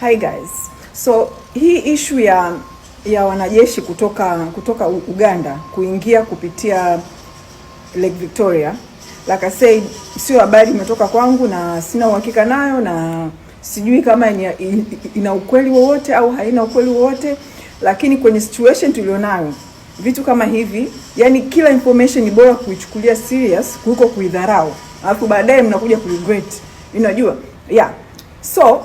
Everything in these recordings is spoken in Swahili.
Hi guys. So hii ishu ya ya wanajeshi kutoka kutoka Uganda kuingia kupitia Lake Victoria, like I said, sio habari imetoka kwangu na sina uhakika nayo, na sijui kama ina, ina ukweli wowote au haina ukweli wowote, lakini kwenye situation tulionayo vitu kama hivi, yani kila information ni bora kuichukulia serious kuliko kuidharau, alafu baadaye mnakuja kuregret, unajua yeah so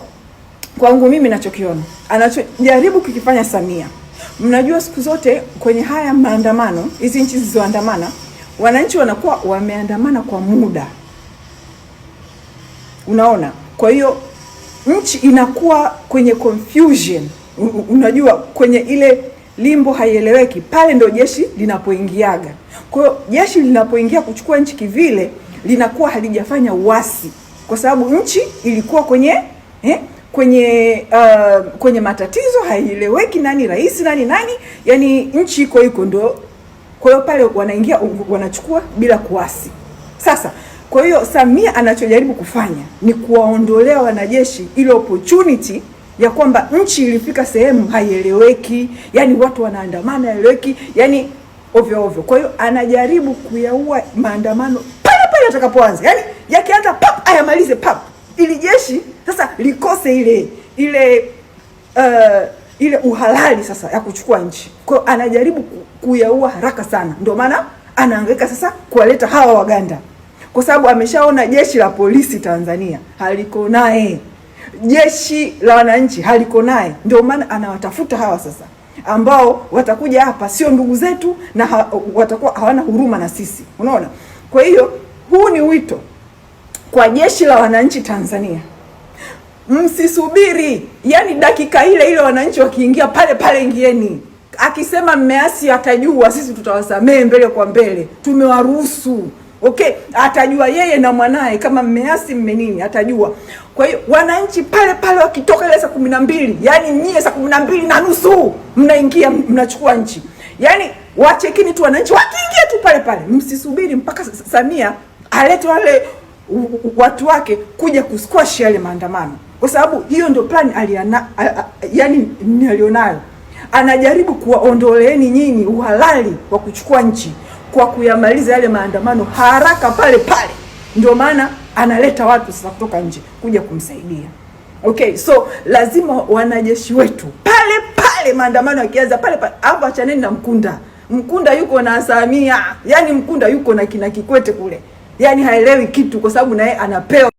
Kwangu mimi nachokiona anachojaribu kukifanya Samia, mnajua siku zote kwenye haya maandamano, hizi nchi zilizoandamana, wananchi wanakuwa wameandamana kwa muda, unaona. Kwa hiyo nchi inakuwa kwenye confusion, unajua kwenye ile limbo haieleweki. Pale ndo jeshi linapoingiaga. Kwa hiyo jeshi linapoingia kuchukua nchi kivile, linakuwa halijafanya uasi, kwa sababu nchi ilikuwa kwenye eh, kwenye uh, kwenye matatizo, haieleweki nani rais nani nani, yani nchi iko iko ndo. Kwa hiyo pale wanaingia wanachukua bila kuasi. Sasa kwa hiyo Samia anachojaribu kufanya ni kuwaondolea wanajeshi ile opportunity ya kwamba nchi ilifika sehemu haieleweki, yani watu wanaandamana haieleweki, yani ovyo ovyo. Kwa hiyo anajaribu kuyaua maandamano pale pale atakapoanza, yani yakianza pap ayamalize pap ili jeshi sasa likose ile ile uh, ile uhalali sasa ya kuchukua nchi. Kwa hiyo anajaribu kuyaua haraka sana, ndio maana anaangaika sasa kuwaleta hawa Waganda kwa sababu ameshaona jeshi la polisi Tanzania haliko naye, jeshi la wananchi haliko naye. Ndio maana anawatafuta hawa sasa ambao watakuja hapa, sio ndugu zetu na ha, watakuwa hawana huruma na sisi, unaona. Kwa hiyo huu ni wito kwa jeshi la wananchi Tanzania, msisubiri. Yani dakika ile ile wananchi wakiingia pale pale, ingieni. Akisema mmeasi, atajua sisi tutawasamehe mbele kwa mbele, tumewaruhusu Okay, atajua yeye na mwanaye kama mmeasi mme nini, atajua. Kwa hiyo wananchi pale pale wakitoka ile saa kumi na mbili, yani nyie saa kumi na mbili na nusu mnaingia mnachukua nchi, yani wachekini tu wananchi wakiingia tu pale pale, msisubiri mpaka Samia alete wale watu wake kuja kusquash yale maandamano, kwa sababu hiyo ndio plan aliana, yani alionayo. Anajaribu kuwaondoleeni nyinyi uhalali wa kuchukua nchi kwa kuyamaliza yale maandamano haraka pale pale, ndio maana analeta watu sasa kutoka nje kuja kumsaidia. Okay, so lazima wanajeshi wetu pale pale maandamano yakianza pale pale hapo, achaneni na Mkunda. Mkunda yuko na Samia, yani Mkunda yuko na kina Kikwete kule yani haelewi kitu, kwa sababu naye anapewa